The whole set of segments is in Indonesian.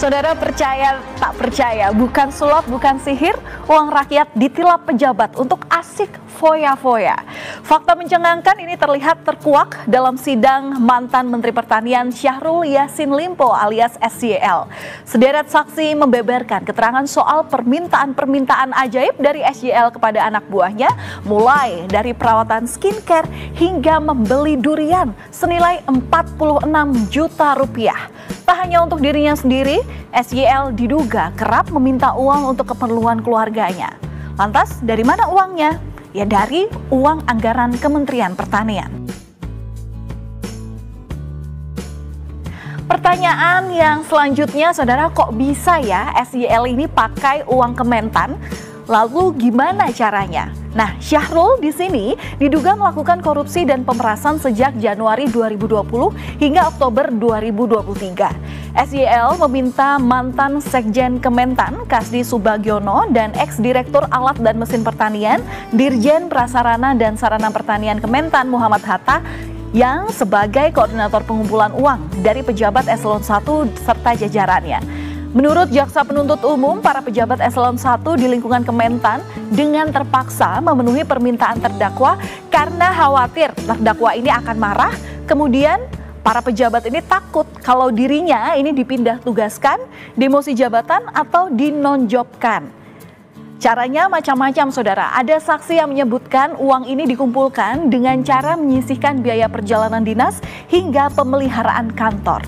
Saudara percaya tak percaya, bukan sulap, bukan sihir, uang rakyat ditilap pejabat untuk asik foya-foya. Fakta mencengangkan ini terlihat terkuak dalam sidang mantan Menteri Pertanian Syahrul Yasin Limpo alias SYL. Sederet saksi membeberkan keterangan soal permintaan-permintaan ajaib dari SYL kepada anak buahnya mulai dari perawatan skincare hingga membeli durian senilai 46 juta rupiah. Tak hanya untuk dirinya sendiri, SYL diduga kerap meminta uang untuk keperluan keluarga keluarganya. Lantas dari mana uangnya? Ya dari uang anggaran Kementerian Pertanian. Pertanyaan yang selanjutnya, saudara, kok bisa ya SYL ini pakai uang Kementan? Lalu gimana caranya? Nah, Syahrul di sini diduga melakukan korupsi dan pemerasan sejak Januari 2020 hingga Oktober 2023. SYL meminta mantan Sekjen Kementan Kasdi Subagiono dan ex-direktur Alat dan Mesin Pertanian Dirjen Prasarana dan Sarana Pertanian Kementan Muhammad Hatta yang sebagai koordinator pengumpulan uang dari pejabat eselon 1 serta jajarannya Menurut jaksa penuntut umum, para pejabat eselon 1 di lingkungan Kementan dengan terpaksa memenuhi permintaan terdakwa karena khawatir terdakwa ini akan marah, kemudian para pejabat ini takut kalau dirinya ini dipindah tugaskan, demosi jabatan atau dinonjobkan. Caranya macam-macam saudara. Ada saksi yang menyebutkan uang ini dikumpulkan dengan cara menyisihkan biaya perjalanan dinas hingga pemeliharaan kantor.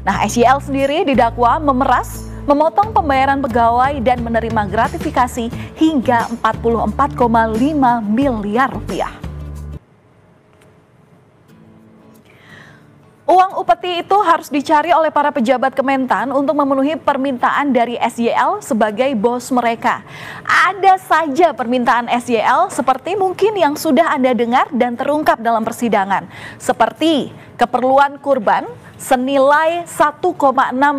Nah, SYL sendiri didakwa memeras, memotong pembayaran pegawai dan menerima gratifikasi hingga 44,5 miliar rupiah. Uang upeti itu harus dicari oleh para pejabat Kementan untuk memenuhi permintaan dari SYL sebagai bos mereka. Ada saja permintaan SYL seperti mungkin yang sudah Anda dengar dan terungkap dalam persidangan. Seperti keperluan kurban, senilai 1,6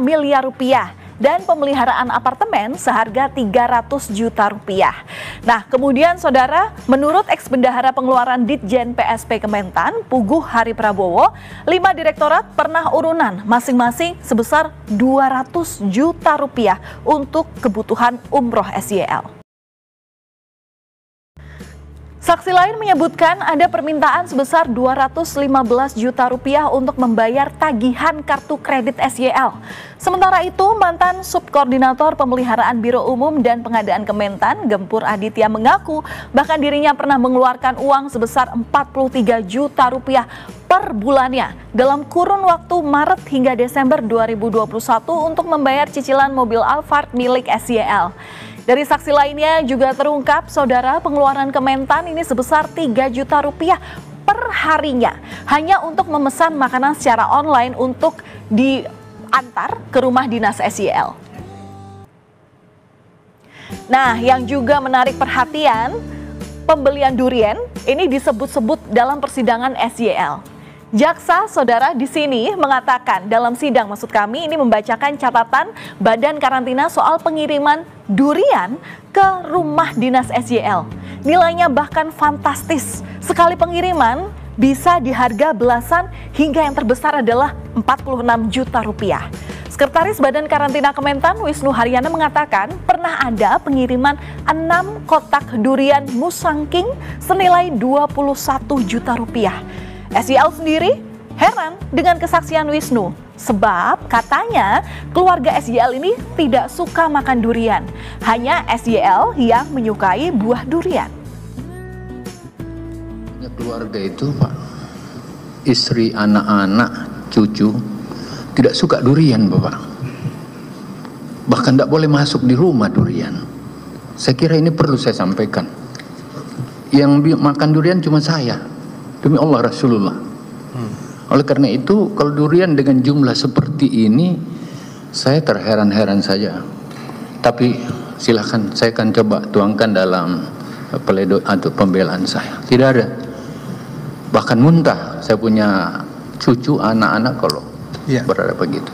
miliar rupiah dan pemeliharaan apartemen seharga 300 juta rupiah. Nah, kemudian saudara, menurut eks bendahara pengeluaran Ditjen PSP Kementan, Puguh Hari Prabowo, lima direktorat pernah urunan masing-masing sebesar 200 juta rupiah untuk kebutuhan umroh SYL. Saksi lain menyebutkan ada permintaan sebesar 215 juta rupiah untuk membayar tagihan kartu kredit SYL. Sementara itu, mantan subkoordinator pemeliharaan Biro Umum dan Pengadaan Kementan, Gempur Aditya mengaku bahkan dirinya pernah mengeluarkan uang sebesar 43 juta rupiah per bulannya dalam kurun waktu Maret hingga Desember 2021 untuk membayar cicilan mobil Alphard milik SYL. Dari saksi lainnya juga terungkap saudara pengeluaran Kementan ini sebesar 3 juta rupiah per harinya hanya untuk memesan makanan secara online untuk diantar ke rumah dinas SEL. Nah, yang juga menarik perhatian, pembelian durian ini disebut-sebut dalam persidangan SEL. Jaksa saudara di sini mengatakan dalam sidang maksud kami ini membacakan catatan Badan Karantina soal pengiriman durian ke rumah dinas SJL. Nilainya bahkan fantastis. Sekali pengiriman bisa diharga belasan hingga yang terbesar adalah 46 juta rupiah. Sekretaris Badan Karantina Kementan Wisnu Haryana mengatakan pernah ada pengiriman 6 kotak durian musangking senilai 21 juta rupiah. SEL sendiri heran dengan kesaksian Wisnu sebab katanya keluarga SYL ini tidak suka makan durian. Hanya SYL yang menyukai buah durian. Keluarga itu Pak, istri, anak-anak, cucu tidak suka durian Bapak. Bahkan tidak boleh masuk di rumah durian. Saya kira ini perlu saya sampaikan. Yang makan durian cuma saya, Demi Allah Rasulullah. Hmm. Oleh karena itu kalau durian dengan jumlah seperti ini saya terheran-heran saja. Tapi silahkan saya akan coba tuangkan dalam eh, peledo atau pembelaan saya. Tidak ada. Bahkan muntah. Saya punya cucu anak-anak kalau ya. berada begitu.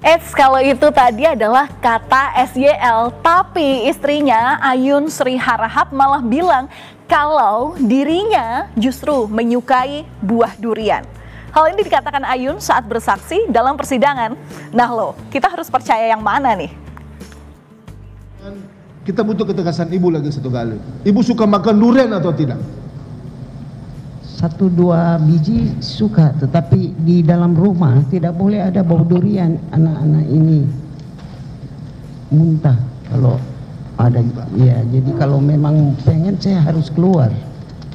Eits, kalau itu tadi adalah kata SYL, tapi istrinya Ayun Sri Harahap malah bilang kalau dirinya justru menyukai buah durian. Hal ini dikatakan Ayun saat bersaksi dalam persidangan. Nah lo, kita harus percaya yang mana nih? Kita butuh ketegasan ibu lagi satu kali. Ibu suka makan durian atau tidak? Satu dua biji suka, tetapi di dalam rumah tidak boleh ada bau durian anak-anak ini. Muntah kalau ada ya jadi kalau memang pengen saya harus keluar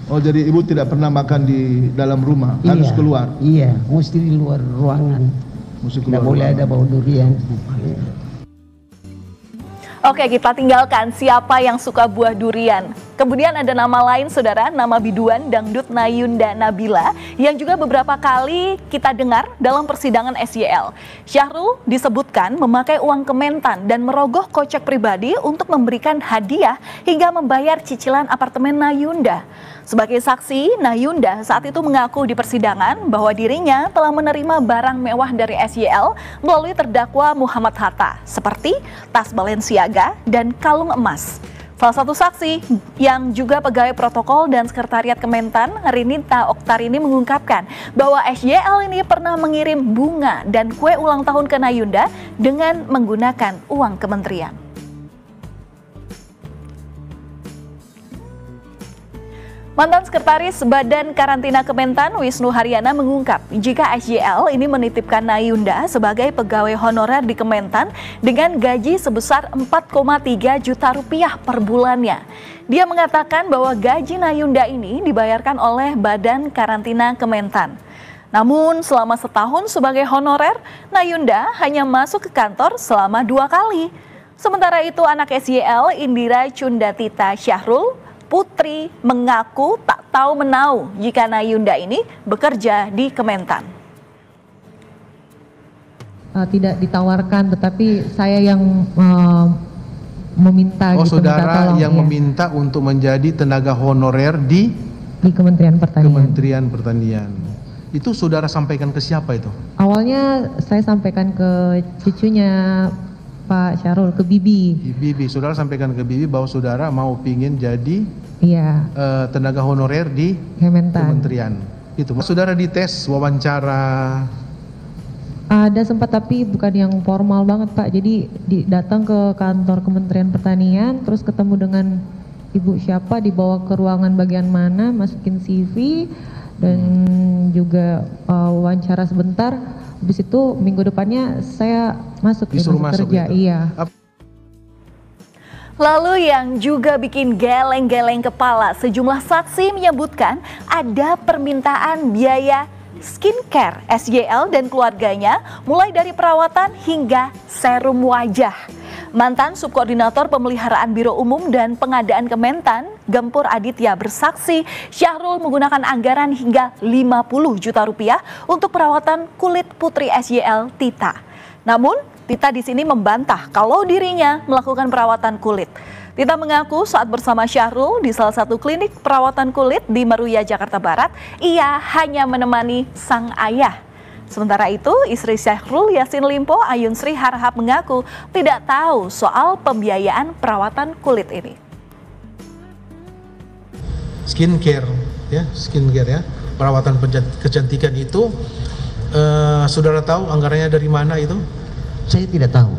oh jadi ibu tidak pernah makan di dalam rumah iya, harus keluar iya mesti di luar ruangan mesti keluar tidak boleh ada bau durian iya. oke kita tinggalkan siapa yang suka buah durian Kemudian ada nama lain saudara, nama biduan dangdut Nayunda Nabila yang juga beberapa kali kita dengar dalam persidangan SYL. Syahrul disebutkan memakai uang kementan dan merogoh kocek pribadi untuk memberikan hadiah hingga membayar cicilan apartemen Nayunda. Sebagai saksi, Nayunda saat itu mengaku di persidangan bahwa dirinya telah menerima barang mewah dari SYL melalui terdakwa Muhammad Hatta seperti tas Balenciaga dan kalung emas. Salah satu saksi yang juga pegawai protokol dan sekretariat Kementan, Rinita Oktar ini mengungkapkan bahwa SJL ini pernah mengirim bunga dan kue ulang tahun ke Nayunda dengan menggunakan uang kementerian. Mantan Sekretaris Badan Karantina Kementan Wisnu Haryana mengungkap jika SJL ini menitipkan Nayunda sebagai pegawai honorer di Kementan dengan gaji sebesar 4,3 juta rupiah per bulannya. Dia mengatakan bahwa gaji Nayunda ini dibayarkan oleh Badan Karantina Kementan. Namun selama setahun sebagai honorer, Nayunda hanya masuk ke kantor selama dua kali. Sementara itu anak SYL Indira Cundatita Syahrul Putri mengaku tak tahu menau jika Nayunda ini bekerja di Kementan. Uh, tidak ditawarkan, tetapi saya yang uh, meminta. Oh, gitu, saudara minta tolong, yang ya. meminta untuk menjadi tenaga honorer di di Kementerian Pertanian. Kementerian Pertanian. Itu saudara sampaikan ke siapa itu? Awalnya saya sampaikan ke cucunya Pak Syarul ke Bibi. Bibi, saudara sampaikan ke Bibi bahwa saudara mau pingin jadi iya. uh, tenaga honorer di Kementan. kementerian. Itu. Saudara dites wawancara ada sempat tapi bukan yang formal banget Pak. Jadi di, datang ke kantor Kementerian Pertanian, terus ketemu dengan ibu siapa, dibawa ke ruangan bagian mana, masukin CV dan juga uh, wawancara sebentar. Habis itu minggu depannya saya masuk ke masuk kerja. Gitu. Iya. Apa Lalu yang juga bikin geleng-geleng kepala, sejumlah saksi menyebutkan ada permintaan biaya skincare SYL dan keluarganya mulai dari perawatan hingga serum wajah. Mantan Subkoordinator Pemeliharaan Biro Umum dan Pengadaan Kementan, Gempur Aditya bersaksi Syahrul menggunakan anggaran hingga 50 juta rupiah untuk perawatan kulit putri SYL Tita. Namun, Tita di sini membantah kalau dirinya melakukan perawatan kulit. Tita mengaku saat bersama Syahrul di salah satu klinik perawatan kulit di Meruya, Jakarta Barat, ia hanya menemani sang ayah. Sementara itu, istri Syahrul Yasin Limpo, Ayun Sri Harhab mengaku tidak tahu soal pembiayaan perawatan kulit ini. Skincare, ya, skincare ya, perawatan kecantikan itu, eh, saudara tahu anggarannya dari mana itu? Saya tidak tahu.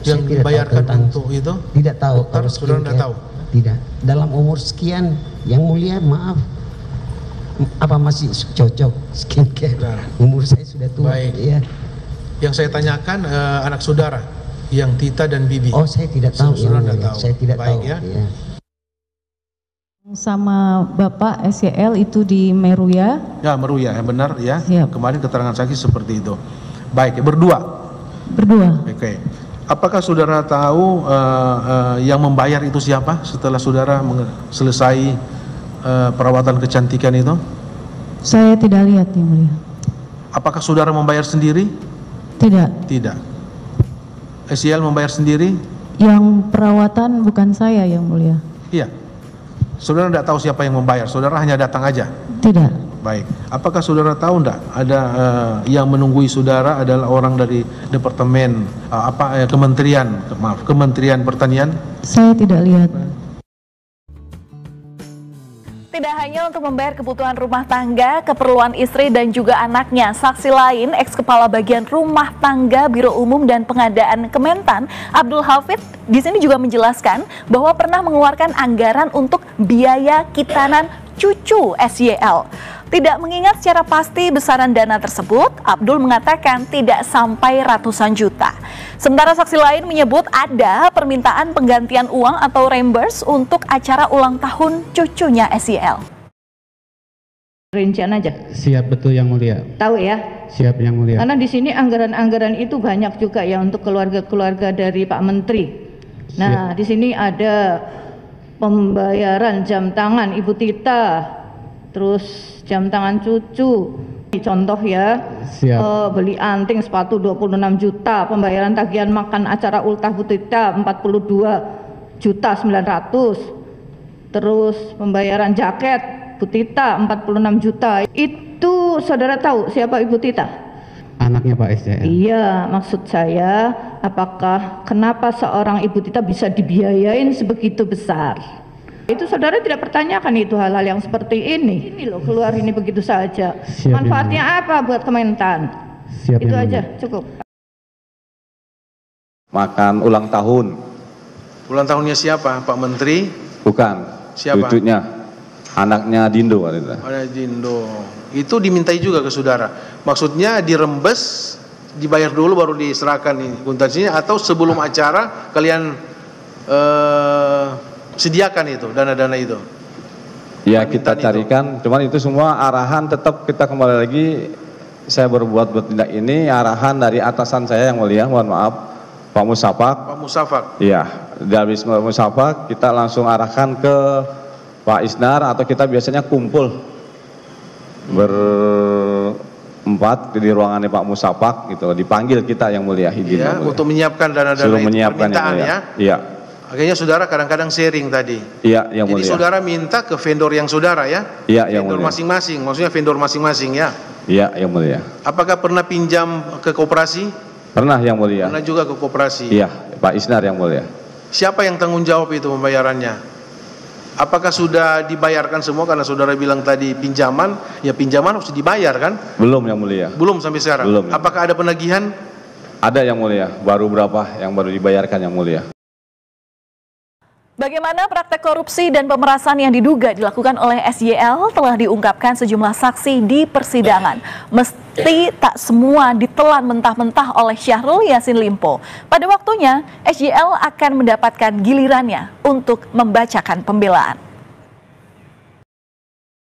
Yang saya tidak dibayarkan tahu untuk itu? Tidak tahu. Dokter saudara tidak tahu? Tidak. Dalam umur sekian, yang mulia maaf, apa masih cocok skincare? Nah. Umur saya sudah tua. Baik. Ya. Yang saya tanyakan uh, anak saudara, yang Tita dan Bibi. Oh, saya tidak tahu. ya, tahu. Saya tidak Baik, tahu. Ya. ya. Sama Bapak SCL itu di Meruya. Ya, Meruya, ya benar ya. Siap. Kemarin keterangan saksi seperti itu. Baik, berdua. Berdua. Oke. Okay. Apakah saudara tahu uh, uh, yang membayar itu siapa setelah saudara selesai uh, perawatan kecantikan itu? Saya tidak lihat yang mulia. Apakah saudara membayar sendiri? Tidak. Tidak. SIL membayar sendiri? Yang perawatan bukan saya yang mulia. Iya. Saudara tidak tahu siapa yang membayar. Saudara hanya datang aja. Tidak. Baik. Apakah saudara tahu enggak ada uh, yang menunggui saudara adalah orang dari departemen uh, apa uh, kementerian maaf Kementerian Pertanian? Saya tidak lihat. Tidak hanya untuk membayar kebutuhan rumah tangga, keperluan istri dan juga anaknya, saksi lain eks kepala bagian rumah tangga Biro Umum dan Pengadaan Kementan Abdul Hafid di sini juga menjelaskan bahwa pernah mengeluarkan anggaran untuk biaya kitanan cucu SYL. Tidak mengingat secara pasti besaran dana tersebut, Abdul mengatakan tidak sampai ratusan juta. Sementara saksi lain menyebut ada permintaan penggantian uang atau reimburse untuk acara ulang tahun cucunya SEL. Rincian aja. Siap betul yang mulia. Tahu ya, Siap yang mulia. Karena di sini anggaran-anggaran itu banyak juga ya untuk keluarga-keluarga dari Pak Menteri. Nah, di sini ada pembayaran jam tangan Ibu Tita, terus jam tangan cucu contoh ya Siap. Uh, beli anting sepatu 26 juta pembayaran tagihan makan acara ultah butita 42 juta 900 terus pembayaran jaket butita 46 juta itu saudara tahu siapa ibu tita anaknya Pak SJ iya maksud saya apakah kenapa seorang ibu tita bisa dibiayain sebegitu besar itu saudara tidak pertanyakan itu hal-hal yang seperti ini. Ini loh keluar ini begitu saja. Siap Manfaatnya ya, apa buat Kementan? Siap itu ya, aja, cukup. Makan ulang tahun. Ulang tahunnya siapa, Pak Menteri? Bukan. Siapa? Cucunya. Anaknya Dindo kan? Dindo. Itu dimintai juga ke saudara. Maksudnya dirembes, dibayar dulu baru diserahkan ini kuntansinya atau sebelum acara kalian eh, sediakan itu dana-dana itu. Ya kita carikan, itu. cuman itu semua arahan tetap kita kembali lagi saya berbuat bertindak ini arahan dari atasan saya yang mulia, mohon maaf Pak Musafak. Pak Musafak. Iya, dari Pak Musafak kita langsung arahkan ke Pak Isnar atau kita biasanya kumpul berempat di ruangannya Pak Musafak gitu dipanggil kita yang mulia ya, mulia. untuk menyiapkan dana-dana itu menyiapkan permintaan ya, ya. ya. Akhirnya saudara kadang-kadang sharing tadi. Iya, yang Jadi mulia. saudara minta ke vendor yang saudara ya. Iya, yang vendor masing-masing, maksudnya vendor masing-masing ya. Iya, yang mulia. Apakah pernah pinjam ke koperasi? Pernah yang mulia. Pernah juga ke koperasi. Iya, Pak Isnar yang mulia. Siapa yang tanggung jawab itu pembayarannya? Apakah sudah dibayarkan semua karena saudara bilang tadi pinjaman, ya pinjaman harus dibayar kan? Belum yang mulia. Belum sampai sekarang. Belum. Ya. Apakah ada penagihan? Ada yang mulia, baru berapa yang baru dibayarkan yang mulia. Bagaimana praktek korupsi dan pemerasan yang diduga dilakukan oleh SYL telah diungkapkan sejumlah saksi di persidangan. Mesti tak semua ditelan mentah-mentah oleh Syahrul Yasin Limpo. Pada waktunya, SYL akan mendapatkan gilirannya untuk membacakan pembelaan.